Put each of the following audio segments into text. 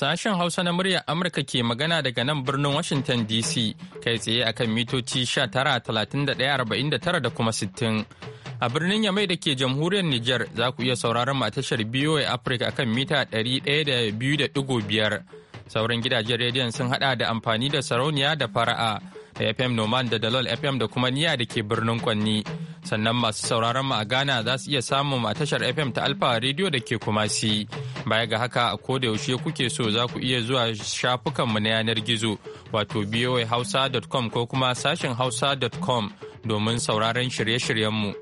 Sashen Hausa na muryar Amurka ke magana daga nan birnin Washington DC kai tsaye akan mitoci 19,39,49 da kuma 60. A birnin Yamai da ke jamhuriyar Nijar za ku iya sauraron tashar BOA Africa akan mita 102.5. Sauran gidajen rediyon sun hada da amfani da sarauniya da fara'a. da FM Noman da Dalol FM da kuma Niya da ke birnin Kwanni. Sannan masu sauraron mu a Ghana za su iya samun a tashar FM ta Alfa Radio da ke Kumasi. Baya ga haka a koda yaushe kuke so za ku iya zuwa shafukanmu na yanar gizo wato hausa.com ko kuma sashen hausa.com domin sauraron shirye-shiryenmu.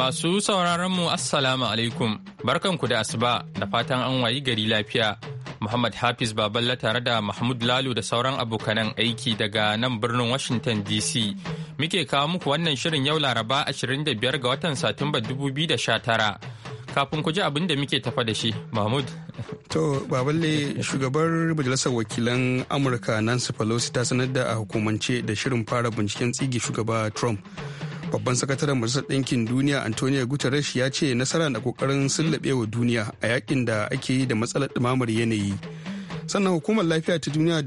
Masu sauraronmu mu Assalamu alaikum, barkanku da asuba da fatan an wayi gari lafiya. Muhammad Hafiz Baballa tare da Mahmud Lalu da sauran abokanan aiki daga nan birnin Washington DC. Muke kawo muku wannan shirin yau Laraba 25 ga watan Satumba 2019. kafin ku ji abin da muke tafa da shi mahmud to baballe shugabar majalisar wakilan amurka nancy pelosi ta sanar da a hukumance da shirin fara binciken tsigi shugaba trump babban sakataren majalisar ɗinkin duniya antonio guterres ya ce nasara na kokarin wa duniya a yakin da ake yi da matsalar ɗumamar yanayi sannan hukumar lafiya ta duniya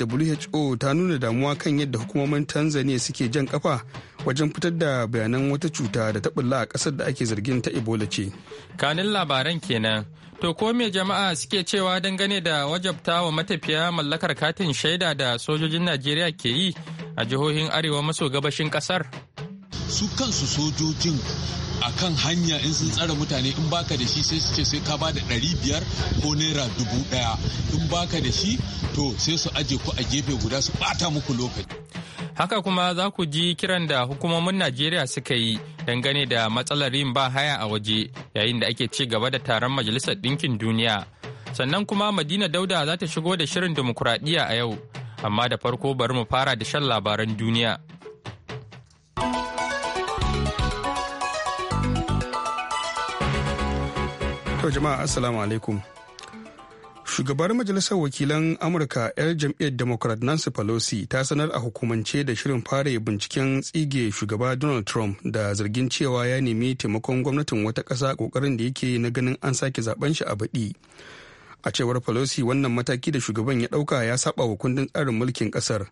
who ta nuna damuwa kan yadda hukumomin tanzania suke jan kafa wajen fitar da bayanan wata cuta da ta bulla a ƙasar da ake zargin ta ebola ce kanin labaran kenan to ko me jama'a suke cewa dangane da wajabta wa matafiya mallakar katin shaida da sojojin najeriya ke yi a jihohin arewa maso gabashin ƙasar su kansu sojojin a kan hanya in sun tsara mutane in baka da shi sai su ce sai ka ɗari biyar ko naira dubu ɗaya in baka da shi to sai su aje ku a gefe guda su ɓata muku lokaci. haka kuma za ku ji kiran da hukumomin najeriya suka yi dangane da matsalar yin ba haya a waje yayin da ake ci gaba da taron majalisar ɗinkin duniya sannan kuma madina dauda za ta shigo da shirin dimokuraɗiyya a yau amma da farko bari mu fara da shan labaran duniya. Yau jama'a assalamu alaikum. Shugabar Majalisar Wakilan Amurka 'yar jam'iyyar Democrat Nancy Pelosi ta sanar a hukumance da shirin fara binciken tsige shugaba Donald Trump da zargin cewa ya nemi taimakon gwamnatin wata ƙasa kokarin da yake na ganin an sake zaben shi a baɗi. A cewar Pelosi wannan mataki da shugaban ya ɗauka ya saba wa kundin tsarin mulkin ƙasar.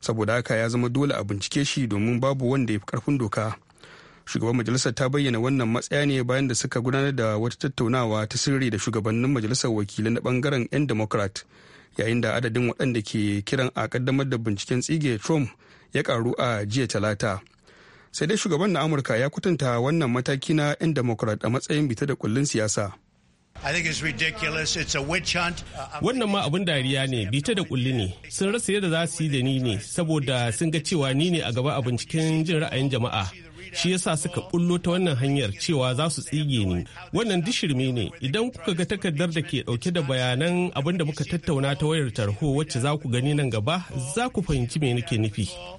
Saboda haka ya zama dole a bincike shi domin babu wanda ya fi ƙarfin doka. shugaban majalisar ta bayyana wannan matsaya ne bayan da suka gudanar da wata tattaunawa ta sirri da shugabannin majalisar wakilai na bangaren 'yan democrat yayin da adadin waɗanda ke kiran a kaddamar da binciken tsige trump ya karu a jiya talata sai dai shugaban na amurka ya kwatanta wannan mataki na 'yan democrat a matsayin bita da kullun siyasa Wannan ma abin dariya ne, bita da kulli ne, sun rasa yadda za su yi da ni ne, saboda sun ga cewa ni ne a gaba a binciken jin ra'ayin jama'a. shi yasa suka bullo ta wannan hanyar cewa za su tsige ni wannan dishirme ne idan kuka ga takardar da ke dauke da bayanan abin da muka tattauna ta wayar tarho wacce za ku gani nan gaba za ku fahimci me nake nufi uh,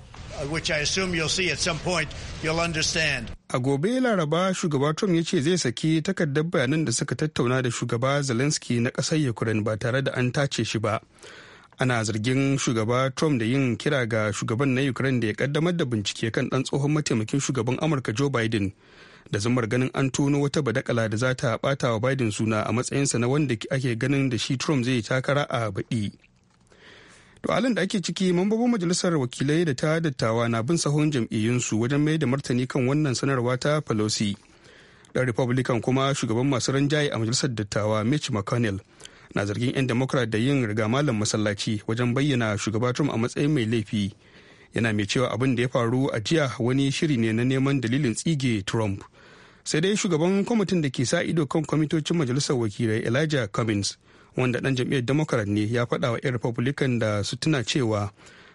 A gobe Laraba shugaba Trump ya ce zai saki takardar bayanan da suka tattauna da shugaba Zelensky na ƙasar Ukraine ba tare da an tace shi ba. ana zargin shugaba trump da yin kira ga shugaban na ukraine da ya kaddamar da bincike kan dan tsohon mataimakin shugaban amurka joe biden da zamar ganin an tono wata badakala da za ta bata wa biden suna a matsayinsa na wanda ake ganin da shi trump zai takara a baɗi to halin da ake ciki mambobin majalisar wakilai da ta dattawa na bin sahun jam'iyyunsu wajen mai da martani kan wannan sanarwa ta pelosi dan republican kuma shugaban masu ranjaye a majalisar dattawa mitch mcconnell na zargin 'yan democrat da yin riga malam masallaci wajen bayyana shugaba trump a matsayin mai laifi yana mai cewa abin da ya faru a jiya wani shiri ne na neman dalilin tsige trump sai dai shugaban kwamitin da ke sa ido kan kwamitocin majalisar wakilai elijah cummins wanda dan jam'iyyar democrat ne ya faɗa wa 'yan republican da su tuna cewa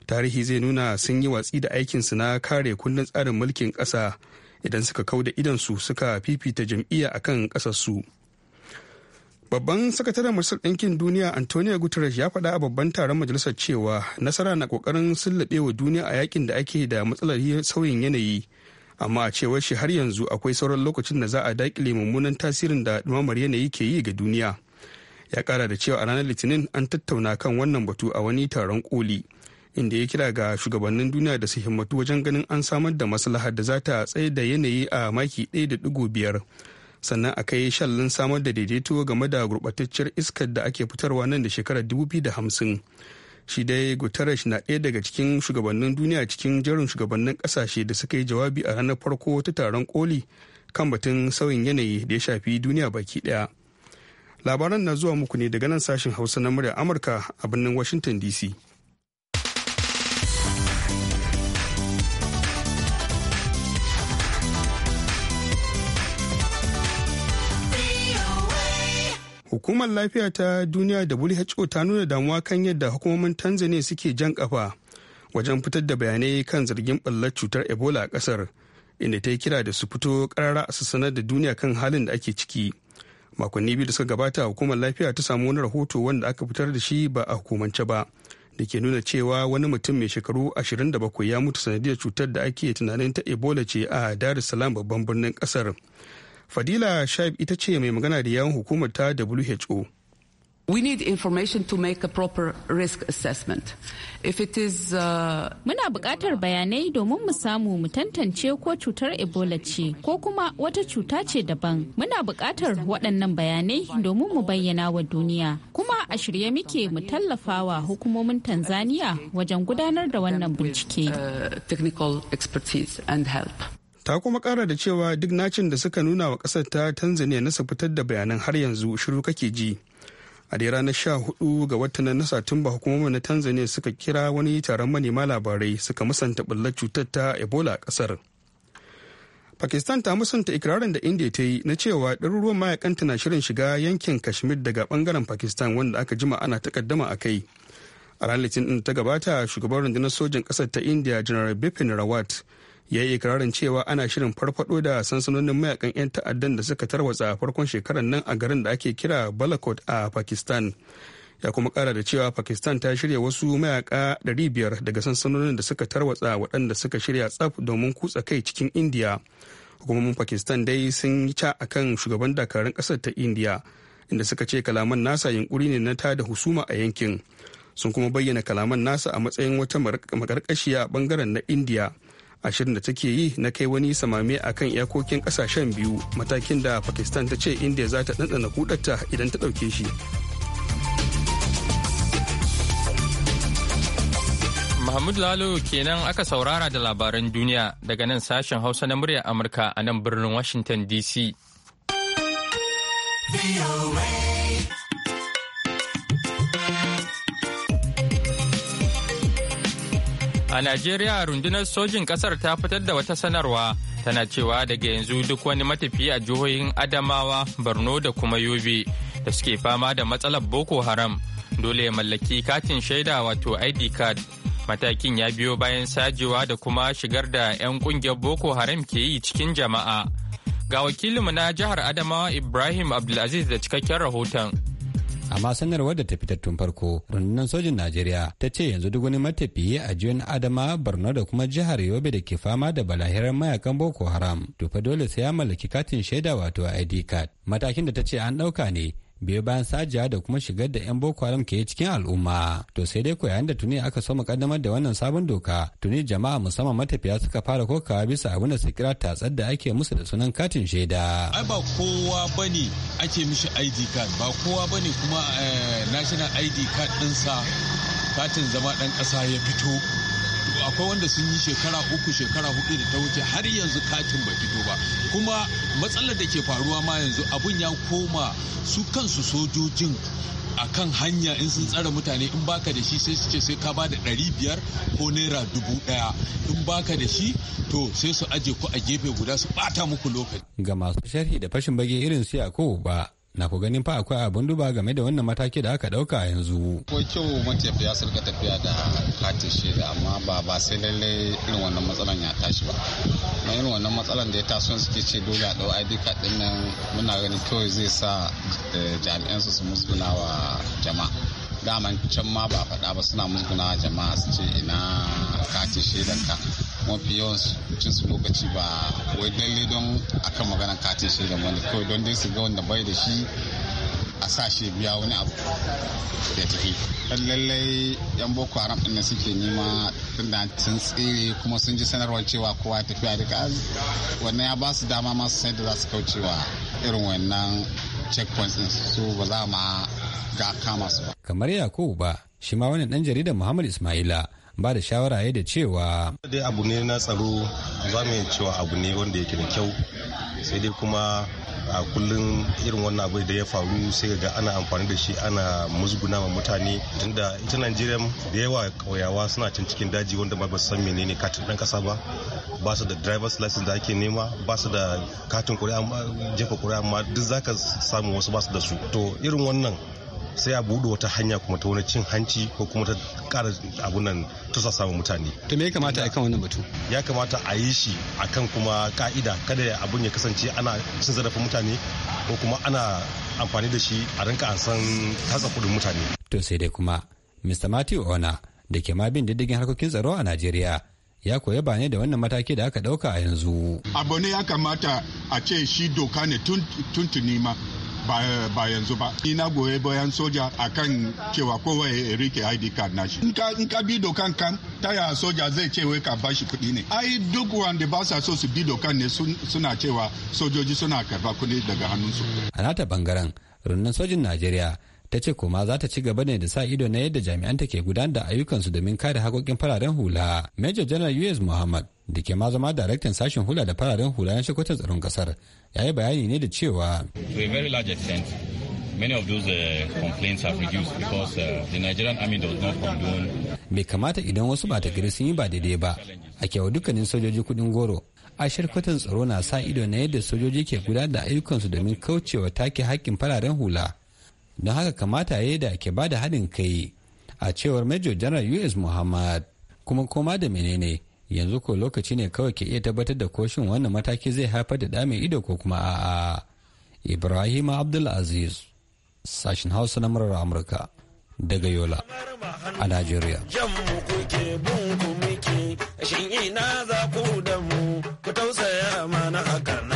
tarihi zai nuna sun yi watsi da aikinsu na kare kundin tsarin mulkin ƙasa idan suka kau idon su suka fifita jam'iyya akan ƙasarsu. su Babban sakataren Majalisar Ɗinkin Duniya Antonio Guterres ya faɗa a babban taron majalisar cewa nasara na ƙoƙarin sullaɓe wa duniya a yakin da ake da matsalar sauyin yanayi. Amma a cewar shi har yanzu akwai sauran lokacin da za a daƙile mummunan tasirin da ɗumamar yanayi ke yi ga duniya. Ya ƙara da cewa a ranar Litinin an tattauna kan wannan batu a wani taron koli. Inda ya kira ga shugabannin duniya da su himmatu wajen ganin an samar da maslahar da za ta tsaye da yanayi a maki ɗaya da ɗigo biyar. sannan a kai shallin samar da daidaito game da gurɓatacciyar iskar da ake fitarwa nan da shekarar hamsin. shi dai guterres na ɗaya daga cikin shugabannin duniya cikin jerin shugabannin ƙasashe da suka yi jawabi a ranar farko ta taron koli kan batun sauyin yanayi da ya shafi duniya baki ɗaya labaran na zuwa muku ne daga nan sashen hausa na murya amurka a birnin washington dc hukumar lafiya ta duniya who ta nuna damuwa kan yadda hukumomin tanzania suke jan kafa wajen fitar da bayanai kan zargin ɓallar cutar ebola a ƙasar inda ta yi kira da su fito ƙarara a sanar da duniya kan halin da ake ciki makonni biyu da suka gabata hukumar lafiya ta samu wani rahoto wanda aka fitar da shi ba a hukumance ba da ke nuna cewa wani mutum mai shekaru ashirin da bakwai ya mutu sanadiyar cutar da ake tunanin ta ebola ce a dar es babban birnin ƙasar Fadila Shaib ita ce mai magana da yawon hukumar ta WHO. We need information to make a proper risk assessment. If it is, uh, Muna buƙatar bayanai domin mu samu mu tantance ko cutar Ebola ce ko kuma wata cuta ce daban. Muna buƙatar waɗannan bayanai domin mu bayyana wa duniya. Kuma a shirye muke mu tallafa wa hukumomin Tanzania wajen gudanar da wannan bincike. Uh, technical expertise and help. ta kuma kara da cewa duk nacin da suka nuna wa kasar ta tanzania nasa fitar da bayanan har yanzu shiru kake ji a dai ranar sha hudu ga watan na satumba hukumomin na tanzania suka kira wani taron manema labarai suka musanta bullar cutar ta ebola a kasar pakistan ta musanta ikirarin da india ta yi na cewa ɗaruruwan mayakanta na shirin shiga yankin kashmir daga bangaren pakistan wanda aka jima ana takaddama a kai a ranar litinin ta gabata shugaban rundunar sojin ƙasar ta india general bipin rawat ya yi ikirarin cewa ana shirin farfado da sansanonin mayakan 'yan ta'addan da suka tarwatsa farkon shekarar nan a garin da ake kira balakot a pakistan ya kuma kara da cewa pakistan ta shirya wasu mayaka 500 daga sansanonin da suka tarwatsa waɗanda suka shirya tsaf domin kutsa kai cikin indiya hukumomin pakistan dai sun yi ca akan shugaban dakarun ƙasar ta indiya inda suka ce kalaman nasa yunkuri ne na ta da husuma a yankin sun kuma bayyana kalaman nasa a matsayin wata makarkashiya bangaren na indiya ashirin da take yi na kai wani samame a kan iyakokin kasashen biyu matakin da pakistan ta ce india za ta ɗanɗana kudarta idan ta ɗauke shi Mahmud Lalo kenan aka saurara da labaran duniya daga nan sashen Hausa na muryar Amurka a nan birnin Washington DC. A Najeriya rundunar sojin kasar ta fitar da wata sanarwa tana cewa daga yanzu duk wani matafiya a jihohin Adamawa, Borno da kuma Yobe da suke fama da matsalar Boko Haram dole ya mallaki katin shaida wato ID card. Matakin ya biyo bayan sajewa da kuma shigar da 'yan kungiyar Boko Haram ke yi cikin jama'a. Ga wakilinmu na jihar Adamawa Ibrahim Abdulaziz da cikakken rahoton. amma sanarwar da ta fitar tun farko rundunar sojin najeriya ta ce yanzu duk wani matafiye a jiyon adama borno da kuma jihar yobe da ke fama da balahirar mayakan boko haram to dole sai ya mallaki katin shaida wato id card matakin da ta ce an ɗauka ne biyo bayan sajiya da kuma shigar da 'yan boko haram ke cikin al'umma to sai dai ko yayin da tuni aka so kaddamar da wannan sabon doka tuni jama'a musamman matafiya suka fara kokawa bisa abin da su kira tatsar da ake musu da sunan katin shaida ai ba kowa bane ake mishi ID card ba kowa bane kuma eh, national ID card sa katin zama dan kasa ya fito akwai wanda sun yi shekara uku shekara hudu da ta wuce har yanzu katin bai fito ba kuma matsalar da ke faruwa ma yanzu abun ya koma su kansu sojojin a kan hanya in sun tsara mutane in baka da shi sai su ce sai ka ba da ɗari biyar ko naira dubu ɗaya in baka da shi to sai su aje ku a gefe guda su bata muku lokaci. ga masu sharhi da fashin bage irin su yako ba na ku ganin fa akwai abin duba game da wannan mataki da aka dauka yanzu. Ko kyau matafiya sun ga tafiya da katin da amma ba ba sai lallai irin wannan matsalan ya tashi ba. Na irin wannan matsalan da ya taso suke ce dole a dau ID card din nan muna ganin kawai zai sa eh, jami'an su su musguna wa jama'a. Daman can ma ba faɗa ba suna musguna wa jama'a su ce ina katin ka. mafi yawan su lokaci ba wai dalle don akan magana katin shi da wani kawai don dai su ga wanda bai da shi a sa shi biya wani abu ya tafi dan lallai yan boko haram din suke nema tun da sun tsere kuma sun ji sanarwar cewa kowa tafiya duka wannan ya ba su dama masu sai da za su kaucewa irin wannan checkpoints din su ba za ma ga kama su ba kamar yakubu ba shi ma wani dan jaridar muhammad ismaila ba da shawara ya da cewa dai abu ne na tsaro za mu cewa abu ne wanda yake da kyau sai dai kuma a kullum irin wannan abu da ya faru sai ga ana amfani da shi ana musguna ma mutane tunda ita najeriya da yawa kauyawa suna can cikin daji wanda ba san menene katin dan kasa ba ba su da driver's license da ake nema ba su da katin kuri'a jefa kuri'a amma duk zaka samu wasu ba su da su to irin wannan sai a buɗe wata hanya kuma ta wani cin hanci ko kuma ta ƙara abunan tusa samun mutane. To me ya kamata a kan wannan batu? Ya kamata a yi shi a kan kuma ka'ida kada abun ya kasance ana cin zarafin mutane ko kuma ana amfani da shi a rinka an san tatsa kuɗin mutane. To sai dai kuma Mr. Matthew Ona da ke ma bin diddigin harkokin tsaro a Najeriya ya koya ba da wannan mataki da aka dauka a yanzu. Abu ne ya kamata a ce shi doka ne tuntuni ma ba yanzu ba ni na goye bayan soja akan cewa kowa ya rike id card nashi shi. in ka bi dokan kan taya soja zai ce wai ka bashi kuɗi ne ai duk wanda ba sa so su bi dokan ne suna cewa sojoji suna karba kuɗi daga hannunsu a nata bangaren rundunar sojin najeriya ta ce kuma za ta ci gaba ne da sa ido na yadda jami'an ta ke gudanar da ayyukansu domin kare hakokin fararen hula major general us muhammad da ke ma zama daraktan sashen hula da fararen hula na shakwatar tsaron kasar ya yi bayani ne da cewa to a very large extent of those uh, complaints have reduced because uh, the Nigerian army does not condone. Bai kamata idan wasu ba ta gari sun yi ba daidai ba, a kewa dukkanin sojoji kudin goro. A shirkwatan tsaro na sa ido na yadda sojoji ke gudanar da ayyukansu domin kaucewa take hakkin fararen hula. Don haka kamata ya da ke bada haɗin kai a cewar Major General U.S. Muhammad. Kuma koma da menene yanzu ko lokaci ne kawai ke iya tabbatar da koshin wannan mataki zai haifar da damin ido ko kuma a'a ibrahim abdulaziz sashen hausa na murar amurka daga yola a najeriya shin ina za ku da ku tausaya mana hakan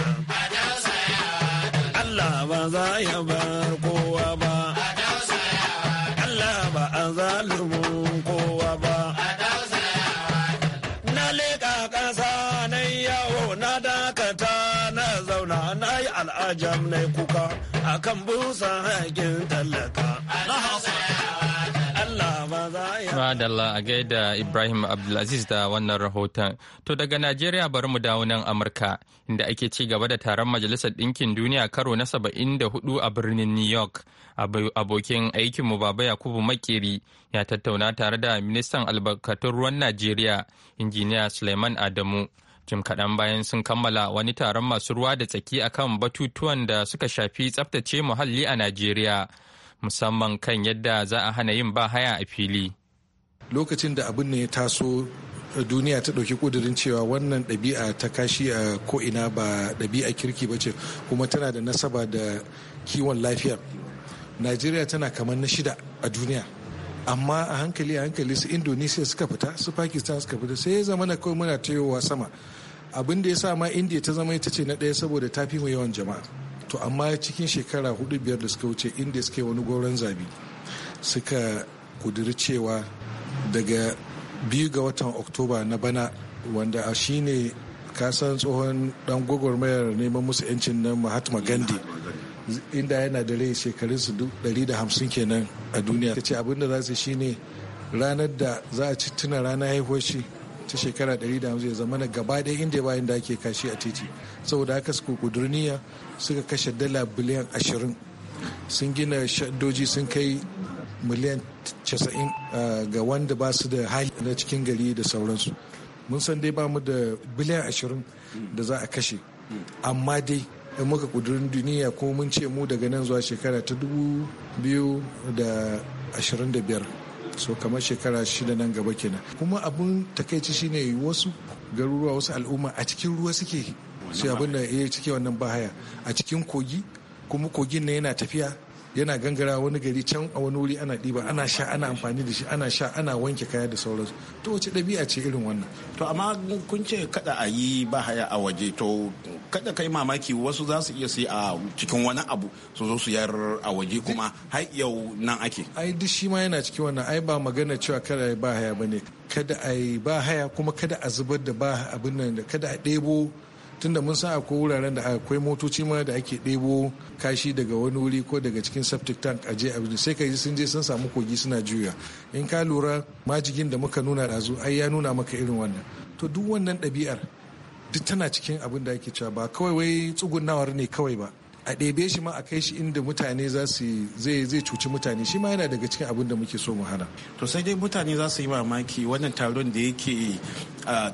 Allah ba za ya bar kowa ba Allah ba a zalumin na yi al'ajam na kuka akan busa haƙin talaka na hausa a gaida Ibrahim Abdulaziz da wannan rahoton. To daga Najeriya bari mu dawo nan Amurka inda ake ci gaba da taron Majalisar Ɗinkin Duniya karo na 74 a birnin New York. Abokin aikinmu Baba Yakubu Makeri ya tattauna tare da ministan albarkatun ruwan Najeriya, Injiniya Suleiman Adamu. jim kaɗan bayan sun kammala wani taron masu ruwa da tsaki akan batutuwan da suka shafi tsaftace muhalli a najeriya musamman kan yadda za a hana yin ba haya a fili lokacin da abin ne ya taso duniya ta ɗauki ƙudurin cewa wannan ɗabi'a ta kashi a ko'ina ba ɗabi'a kirki ba ce kuma tana da nasaba da kiwon lafiya najeriya tana kamar na shida a duniya amma a hankali a hankali su indonesia suka fita su pakistan suka fita sai ya zama na kawai muna tayowa sama abin da ya sa ma india ta zama ita ce na ɗaya saboda ta fi mu yawan jama'a to amma cikin shekara hudu biyar da suka wuce india suka yi wani goron zabi suka kuduri cewa daga biyu ga watan oktoba na bana wanda a shine kasan tsohon dan gwagwarmayar neman musu 'yancin na mahatma gandhi inda yana da rai da hamsin kenan a duniya ta ce abinda za su ne ranar da za a ci tuna ranar haihuwar shi ta shekara 150 ya zama na gaba ɗaya inda bayan da ake kashi a titi saboda haka suka kudurniya suka kashe dala biliyan 20 sun gina shaddoji sun kai miliyan 90 eh, ga wanda ba su da hali na cikin gari da sauransu mun san dai ba mu da biliyan 20 da za a kashe amma dai in muka kudurin duniya ko mun ce mu daga nan zuwa shekara ta 2025 so kamar shekara shida nan gaba kenan kuma abun takaici shine wasu garuruwa wasu al'umma a cikin ruwa suke sai abin da ya cike wannan bahaya a cikin kogi kuma kogin na yana tafiya yana gangara wani gari can a wani wuri ana ɗiba ana sha ana amfani da shi ana sha ana wanke kaya da sauransu to wace ɗabi'a ce irin wannan to amma kun ce kada a yi ba haya a waje to kada kai mamaki wasu za su iya sai a cikin wani abu su zo su yar a waje kuma har yau nan ake ai duk shi ma yana cikin wannan ai ba magana cewa kada a yi ba haya bane kada a yi ba haya kuma kada a zubar da ba abin nan kada a ɗebo tunda mun san akwai wuraren da akwai motoci ma da ake ɗebo kashi daga wani wuri ko daga cikin septic tank a je sai ka ji sun je sun samu kogi suna juya in ka lura majigin da muka nuna ɗazu ai ya nuna maka irin wannan to duk wannan ɗabi'ar duk tana cikin abin da ake cewa ba kawai wai tsugunnawar ne kawai ba a ɗebe shi ma a kai shi inda mutane za su zai zai cuci mutane shi ma yana daga cikin abin da muke so mu hana to sai dai mutane za su yi mamaki wannan taron da yake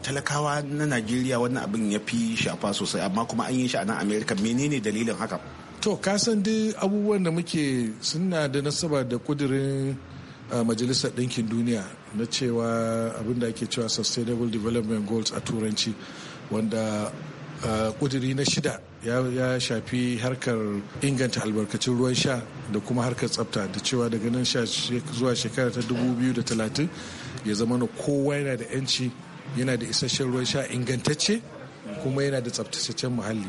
talakawa na najeriya wannan abin ya fi shafa sosai amma kuma an yi shi a nan Amerika menene dalilin haka to ka san duk abubuwan da muke suna da nasaba da kudirin majalisar ɗinkin duniya na cewa abin da ake cewa sustainable development goals a turanci wanda kuduri na shida ya shafi harkar inganta albarkacin ruwan sha da kuma harkar tsafta da cewa daga nan zuwa shekara ta 2030 ya zama na kowa yana da 'yanci yana da isasshen ruwan sha ingantacce kuma yana da tsaftataccen muhalli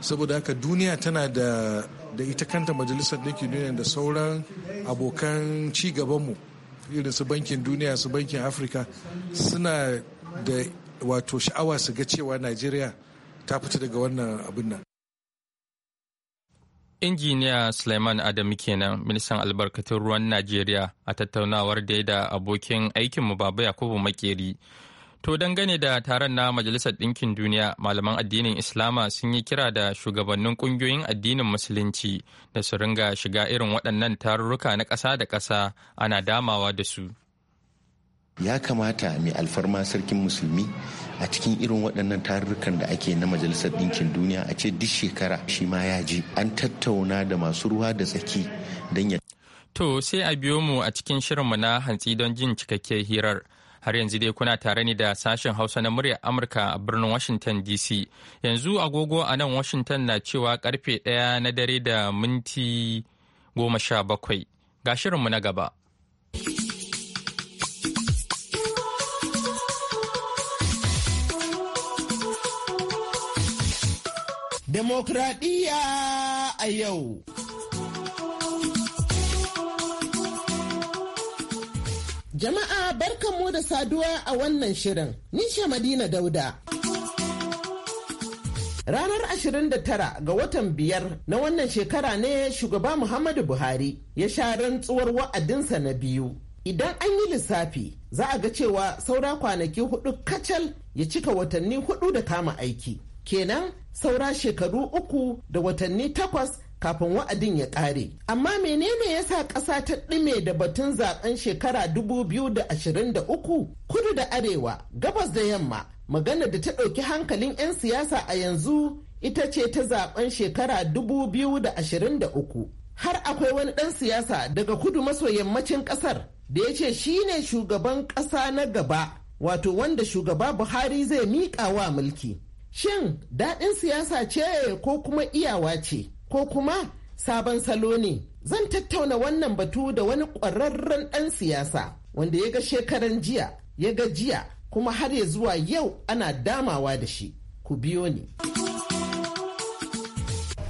saboda haka duniya tana da da ita kanta majalisar ɗinkin duniya da sauran abokan ci gabanmu irin su bankin duniya su bankin afirka suna da wato sha'awa su ga cewa najeriya ta fita daga wannan abin nan injiniya suleiman adamu kenan ministan albarkatun ruwan najeriya a tattaunawar da da abokin aikinmu baba yakubu makeri to dangane da taron na majalisar ɗinkin duniya malaman addinin islama sun yi kira da shugabannin ƙungiyoyin addinin musulunci da su ringa shiga irin waɗannan tarurruka na ƙasa da ƙasa ana damawa da su ya kamata mai alfarma sarkin musulmi a cikin irin waɗannan tarurrukan da ake na majalisar ɗinkin duniya a ce duk shekara shi ma ya je an tattauna da masu ruwa da tsaki don ya To sai a biyo mu a cikin shirin mu na hantsi don jin cikakke hirar. Har yanzu dai kuna tare ni da sashen Hausa na muryar Amurka a birnin Washington DC. Yanzu agogo a nan Washington na cewa karfe ɗaya na dare da minti goma sha bakwai. Ga shirinmu na gaba. Demokradiyya a yau. Jama'a barkanmu da saduwa a wannan shirin. Nisha Madina Dauda. Ranar 29 ga watan biyar na wannan shekara ne shugaba Muhammadu Buhari ya sha rantsuwar wa'adinsa na biyu. Idan an yi lissafi za a ga cewa saura kwanaki hudu kacal ya cika watanni hudu da kama aiki. Kenan saura shekaru uku da watanni takwas kafin wa'adin ya ƙare. Amma menene ya sa ƙasa ta ɗume da batun zaben shekara 2023 kudu da arewa gabas da yamma magana da ta ɗauki hankalin 'yan siyasa a yanzu ita ce ta zaben shekara 2023. Har akwai wani ɗan siyasa daga kudu maso yammacin ƙasar da ya ce shi ne shugaban ƙasa na gaba wato wanda shugaba Buhari zai miƙa wa mulki. Shin daɗin siyasa ce ko kuma iyawa ce ko kuma sabon salo ne? Zan tattauna wannan batu da wani ƙwararren ɗan siyasa wanda ya ga shekaran jiya, ya ga jiya kuma har ya zuwa yau ana damawa da shi. Ku biyo ni.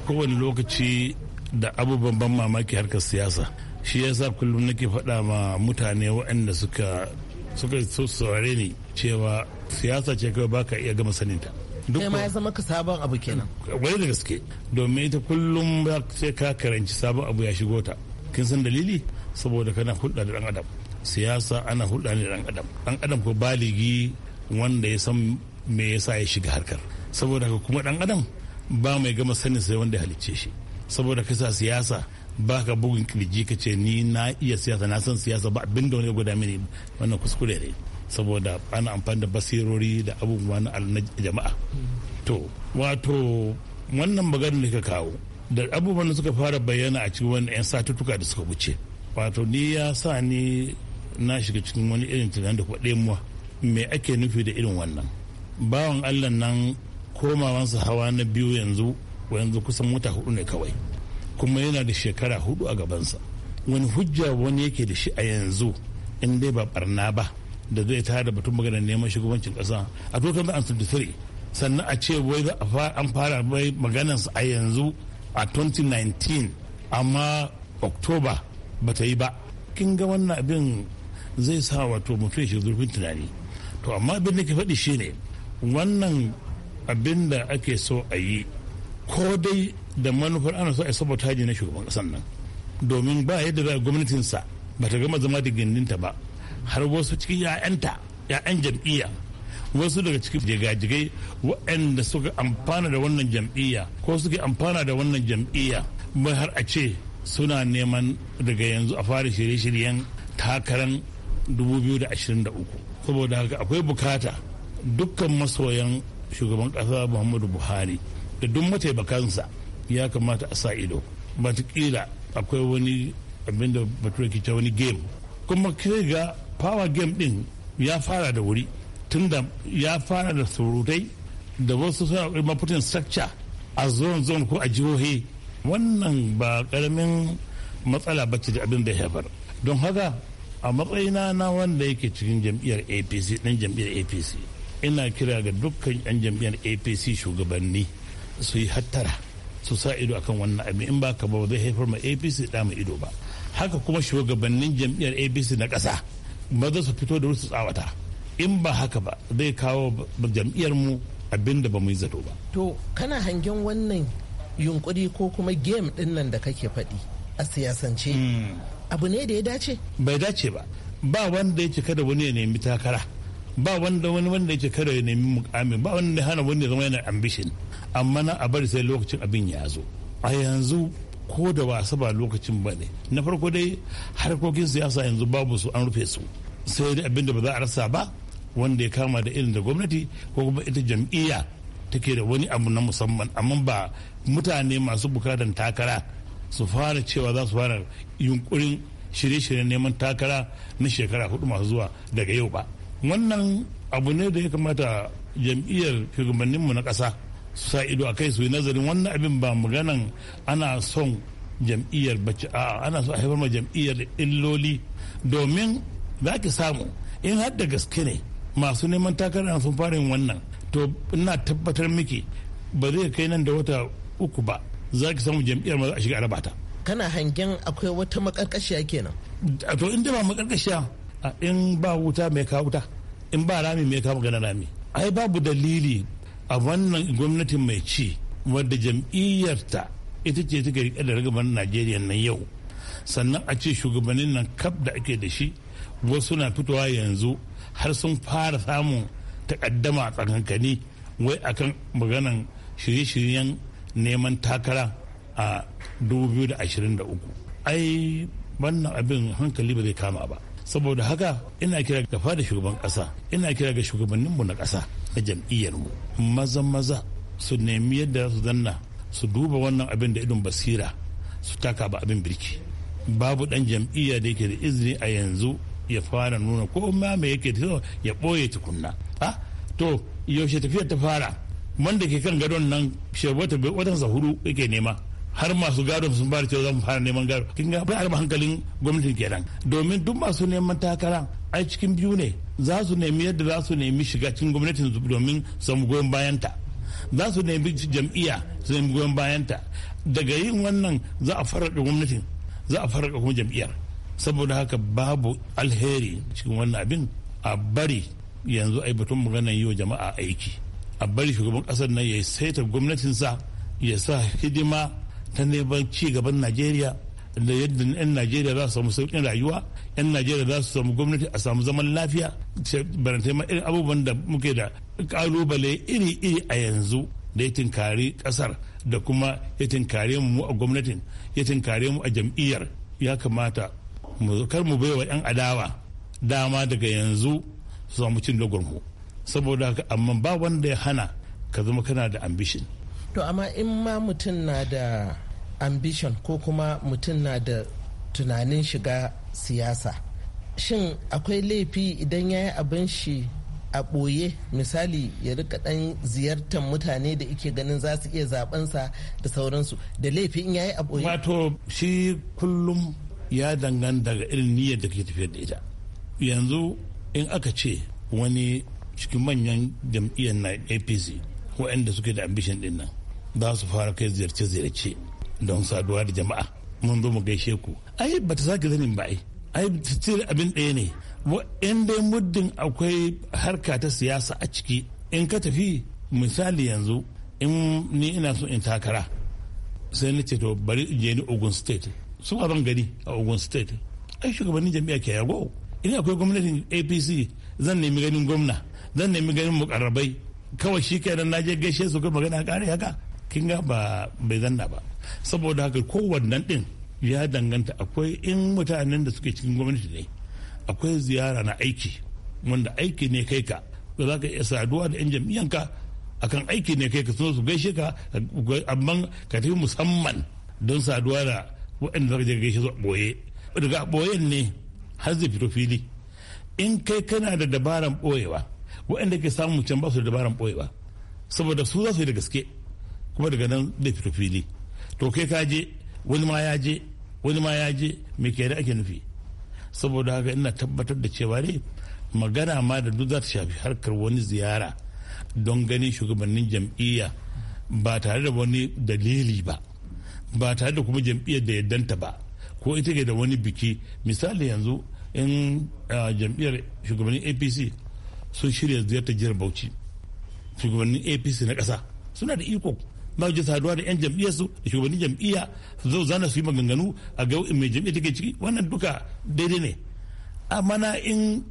Kowane lokaci da abubuwan ban mamaki harkar siyasa. Shi yasa kullum nake faɗa ma mutane waɗanda suka suka saurare ni cewa siyasa ce kawai baka iya gama saninta duk ma ya zama ka sabon abu kenan Wai da gaske domin ita kullum sai ka karanci sabon abu ya shigo ta kin san dalili saboda kana hulɗa da dan adam siyasa ana hulɗa ne da dan adam Dan adam ko baligi wanda ya san me yasa ya shiga harkar saboda haka kuma dan adam ba mai gama sanin sai wanda ya halicce shi saboda ka kasa siyasa baka ka bugun kirji ka ce ni na iya siyasa na san siyasa ba abin da wani guda mini wannan kuskure ne saboda ana amfani da basirori da abubuwa na jama'a to wato wannan maganar da ka kawo da abubuwan da suka fara bayyana a cikin wani 'yan satuttuka da suka wuce wato ni ya sa ni na shiga cikin wani irin tunan da kwaɗe muwa me ake nufi da irin wannan bawan allah nan komawansa hawa na biyu yanzu yanzu kusan wata hudu ne kawai kuma yana da shekara hudu a gabansa wani hujja wani yake da shi a yanzu in dai ba barna ba da zai tayar da batun maganar neman shugabancin kasa a 2023 sannan a ce wai za an fara bai maganar a yanzu a 2019 amma oktoba ba ta yi ba kin ga wannan abin zai sa wato mutum shi zurfin tunani to amma abin da ke faɗi shi ne wannan abin da ake so a yi ko dai da manufar ana so a sabotaji na shugaban ƙasan nan domin ba yadda da gwamnatinsa ba ta gama zama da gindinta ba har wasu cikin 'ya'yanta 'ya'yan jam'iyya wasu daga cikin jigajigai waɗanda suka amfana da wannan jam'iyya ko suke amfana da wannan jam'iyya mai har a ce suna neman daga yanzu a fara shirye-shiryen takarar 2023 saboda haka akwai bukata dukkan masoyan shugaban ƙasa muhammadu buhari da duk mataimakansa ya kamata a sa ido batakila akwai wani abinda bature ke wani game kuma ga power game din ya fara da wuri tun da ya fara da surutai da wasu suna mafutin structure a zone zone ko a jihohi wannan ba karamin matsala ba ce da abin da haifar don haka a matsayina na wanda yake cikin jam'iyyar apc ɗan jam'iyyar apc ina kira ga dukkan 'yan jam'iyyar apc shugabanni su yi hattara su sa ido akan wannan abin in ba ka ba zai haifar ma apc da ido ba haka kuma shugabannin jam'iyyar apc na ƙasa maza su fito da wuri su tsawata in ba haka ba zai kawo jam'iyyar mu abinda da ba mu yi zato ba to kana hangen wannan yunkuri ko kuma game din nan da kake faɗi a siyasance hmm. abu ne da ya dace bai dace ba ba wanda ya cika da wani ya nemi takara ba wanda wani wanda ya cika da ya nemi mukami ba wanda hana wani ya zama yana ambition amma na a bari sai lokacin abin ya zo a yanzu ko da ba a ba lokacin ba ne na farko dai harkokin siyasa yanzu babu su an rufe su sai dai abinda ba za a rasa ba wanda ya kama da irin da gwamnati ko kuma ita jam'iyya take da wani abu na musamman amma ba mutane masu bukatan takara su fara cewa za su fara yunkurin shirye-shiryen neman takara na shekara hudu masu zuwa daga yau ba wannan abu ne da ya kamata jam'iyyar shugabanninmu na ƙasa su sa ido a kai su yi nazarin wannan abin ba maganan ana son jam'iyyar bacci a ana so a haifar ma jam'iyyar illoli domin za ki samu in har da gaske ne masu neman takarar sun fara yin wannan to ina tabbatar miki ba zai kai nan da wata uku ba za ki samu jam'iyyar ma a shiga ta kana hangen akwai wata makarkashiya kenan to in da ba makarkashiya in ba wuta mai kawo wuta in ba rami mai kawo magana rami ai babu dalili a wannan gwamnatin mai ci wadda jam'iyyarta ita ce take gari da ragaban najeriya nan yau sannan a ce shugabannin nan kaf da ake da shi wasu na fitowa yanzu har sun fara samun takaddama a tsakankani wai akan maganan shirye-shiryen neman takara a 2023 ai wannan abin hankali ba zai kama ba saboda haka ina kira ga fada shugaban kasa ina kira ga shugabanninmu na kasa na mu maza maza su nemi yadda su zanna su duba wannan abin da idon basira su taka ba abin birki babu dan jam'iyya da yake da izini a yanzu ya fara nuna ko ma me yake ya boye tukunna ha to yaushe tafiyar ta fara wanda ke kan gadon nan sharbata watan hudu yake nema har masu gado sun fara cewa zamu fara neman gado kin ga bai hankalin gwamnatin kenan domin duk masu neman takara ai cikin biyu ne za su nemi yadda za su nemi shiga cikin gwamnatin domin samu goyon bayanta za su nemi jam'iyya su nemi goyon bayanta daga yin wannan za a faraka gwamnatin za a faraka kuma jam'iyyar saboda haka babu alheri cikin wannan abin a bari yanzu ai batun maganar yi wa jama'a aiki a bari shugaban kasar nan ya saita gwamnatinsa ya sa hidima ta neman ci gaban najeriya da yadda 'yan najeriya za su samu sauƙin rayuwa 'yan najeriya za su samu gwamnati a samu zaman lafiya barantai ma irin abubuwan da muke da kalubale iri-iri a yanzu da ya tinkari ƙasar da kuma ya tinkare mu a gwamnatin ya tinkare mu a jam'iyyar ya kamata mu kar mu baiwa 'yan adawa dama daga yanzu su samu cin mu saboda haka amma ba wanda ya hana ka zama kana da ambishin to amma in ma mutum na da ambition ko kuma mutum na da tunanin shiga siyasa shin akwai laifi idan ya yi abin shi a ɓoye misali ya rika ɗan ziyartar mutane da ike ganin za su iya zaɓensa da sauransu da laifi in ya yi a ɓoye wato shi kullum ya dangan daga irin niyyar da ke tafiyar da ita yanzu in aka ce wani cikin manyan jam'iyyar na apc waɗanda suke da ambishin ɗin za su fara kai ziyarce-ziyarce don saduwa da jama'a mun zo mu gaishe ku ai ba ta sake zanin ba ai ai tsiri abin ɗaya ne in dai muddin akwai harka ta siyasa a ciki in ka tafi misali yanzu in ni ina so in takara sai na ce to bari je ni ogun state su ma ban gani a ogun state ai shugabannin jami'a ke yago in akwai gwamnatin apc zan nemi ganin gwamna zan nemi ganin mukarrabai kawai shi kenan na je gaishe su kai magana kare haka kin ga ba bai zanna ba saboda haka kowannan din ya danganta akwai in mutanen da suke cikin gwamnati ne akwai ziyara na aiki wanda aiki ne kai ka za ka iya saduwa da yan jam'iyyanka akan aiki ne kai ka suna su gaishe ka amma ka tafi musamman don saduwa da waɗanda zaka je gaishe su ɓoye daga ɓoyen ne har zai fito fili in kai kana da dabaran ɓoyewa waɗanda ke samun can ba su da dabaran ɓoyewa saboda su za su yi da gaske kuma daga nan zai fito fili to kai ka je wani ma ya je wani ma ya je me ke ake nufi saboda haka ina tabbatar da cewa ne magana ma da duk za ta shafi harkar wani ziyara don ganin shugabannin jam'iyya ba tare da wani dalili ba ba tare da kuma jam'iyyar da yaddanta ba ko ita ke da wani biki misali yanzu in jam'iyyar shugabannin apc sun shirya ziyartar jihar bauchi shugabannin apc na ƙasa suna da iko ba su saduwa da yan jam'iyyar su da shugabannin jam'iyya su zana su yi maganganu a ga mai jam'iyyar take ciki wannan duka daidai ne amma na in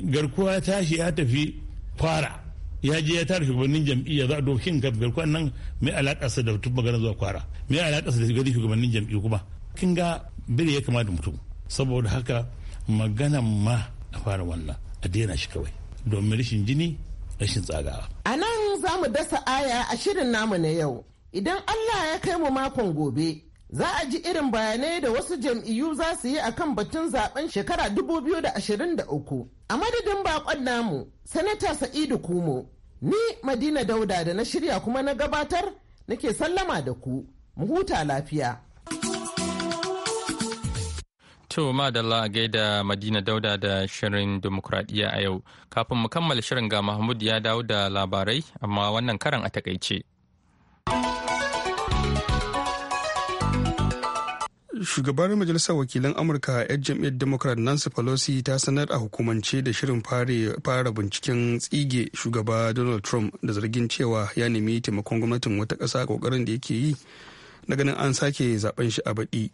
garkuwa ya tashi ya tafi kwara ya je ya tara shugabannin jam'iyya za a dokin ga garkuwa nan mai su da tun magana zuwa kwara mai su da gari shugabannin jam'iyya kuma kin ga bire ya kamata mutum saboda haka maganan ma a fara wannan a daina shi kawai domin rashin jini rashin tsagawa. A nan za mu dasa aya a shirin namu na yau. Idan Allah ya kai mu makon gobe, za a ji irin bayanai da wasu jam'iyyu za su yi akan batun zaben shekara dubu biyu da da ashirin uku A madadin bakon namu, Sanata Sa'idu Kumo, ni Madina Dauda da na shirya kuma na gabatar nake sallama da ku, mu huta lafiya. To madalla a gaida Madina Dauda da shirin demokradiyya a yau. Kafin mu kammala shirin ga Mahmud ya dawo da labarai amma wannan karan a takaice. Shugabar Majalisar Wakilan Amurka 'yan jam'iyyar Democrat Nancy Pelosi ta sanar a hukumance da shirin fara binciken tsige shugaba Donald Trump da zargin cewa ya nemi taimakon gwamnatin wata ƙasa ƙoƙarin da yake yi na ganin an sake zaben shi a baɗi.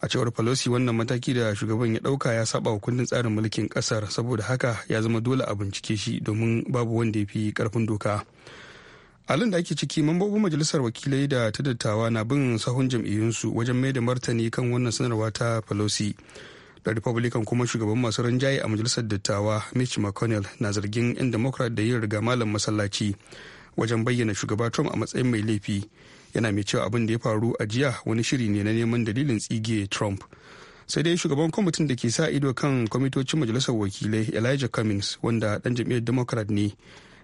a cewar pelosi wannan mataki da shugaban ya dauka ya saba wa kundin tsarin mulkin kasar saboda haka ya zama dole a bincike shi domin babu wanda ya fi karfin doka alin da ake ciki mambobin majalisar wakilai da ta dattawa na bin sahun jam'iyyunsu wajen mai da martani kan wannan sanarwa ta pelosi da republican kuma shugaban masu ranjaye a majalisar dattawa mitch mcconnell na zargin 'yan democrat da yin riga malam masallaci wajen bayyana shugaba trump a matsayin mai laifi yana mai cewa abin da ya faru a jiya wani shiri ne na neman dalilin tsige trump sai dai shugaban kwamitin da ke sa ido kan kwamitocin majalisar wakilai elijah cummings wanda dan jam'iyyar democrat ne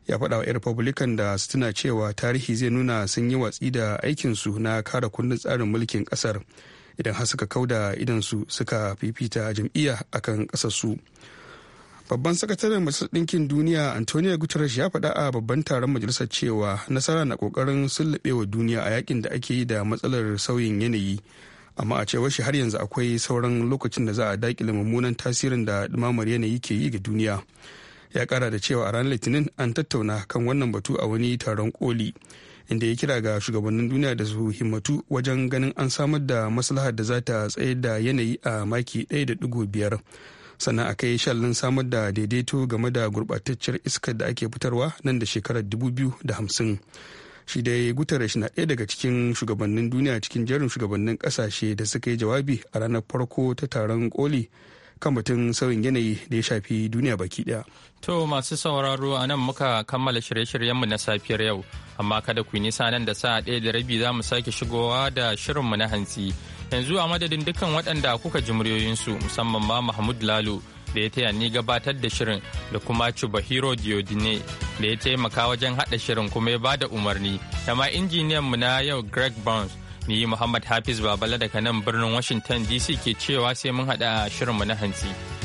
ya faɗa wa 'yan republican da su cewa tarihi zai nuna sun yi watsi da aikinsu na kare kundin tsarin mulkin kasar idan har suka kauda su suka fifita jam'iyya akan kasarsu su Babban sakataren Majalisar Ɗinkin Duniya Antonio Guterres ya faɗa a babban taron majalisar cewa nasara na ƙoƙarin wa duniya a yakin da ake yi da matsalar sauyin yanayi. Amma a cewar shi har yanzu akwai sauran lokacin da za a daƙile mummunan tasirin da ɗumamar yanayi ke yi ga duniya. Ya ƙara da cewa a ranar Litinin an tattauna kan wannan batu a wani taron koli. inda ya kira ga shugabannin duniya da su himmatu wajen ganin an samar da maslahar da za ta tsayar da yanayi a maki 1.5 sannan a kai shallin samar da daidaito game da gurɓatacciyar iskar da ake fitarwa nan da shekarar 2050 shi da guterres na ɗaya daga cikin shugabannin duniya cikin jerin shugabannin ƙasashe da suka yi jawabi a ranar farko ta taron koli kan batun sauyin yanayi da ya shafi duniya baki ɗaya. To masu sauraro a nan muka kammala shirye-shiryenmu na safiyar yau, amma kada ku yi nisa nan da sa ɗaya da rabi za mu sake shigowa da shirinmu na hantsi. yanzu a madadin dukkan waɗanda kuka ji muryoyinsu musamman ma mahmud lalo da ya taya ni gabatar da shirin da kuma Chubahiro Diodine da ya taimaka wajen haɗa shirin kuma ya bada umarni da ma injiniyan mu na yau Greg Burns ni Muhammad Hafiz Babala daga nan birnin Washington DC ke cewa sai mun haɗa shirin mu na hantsi.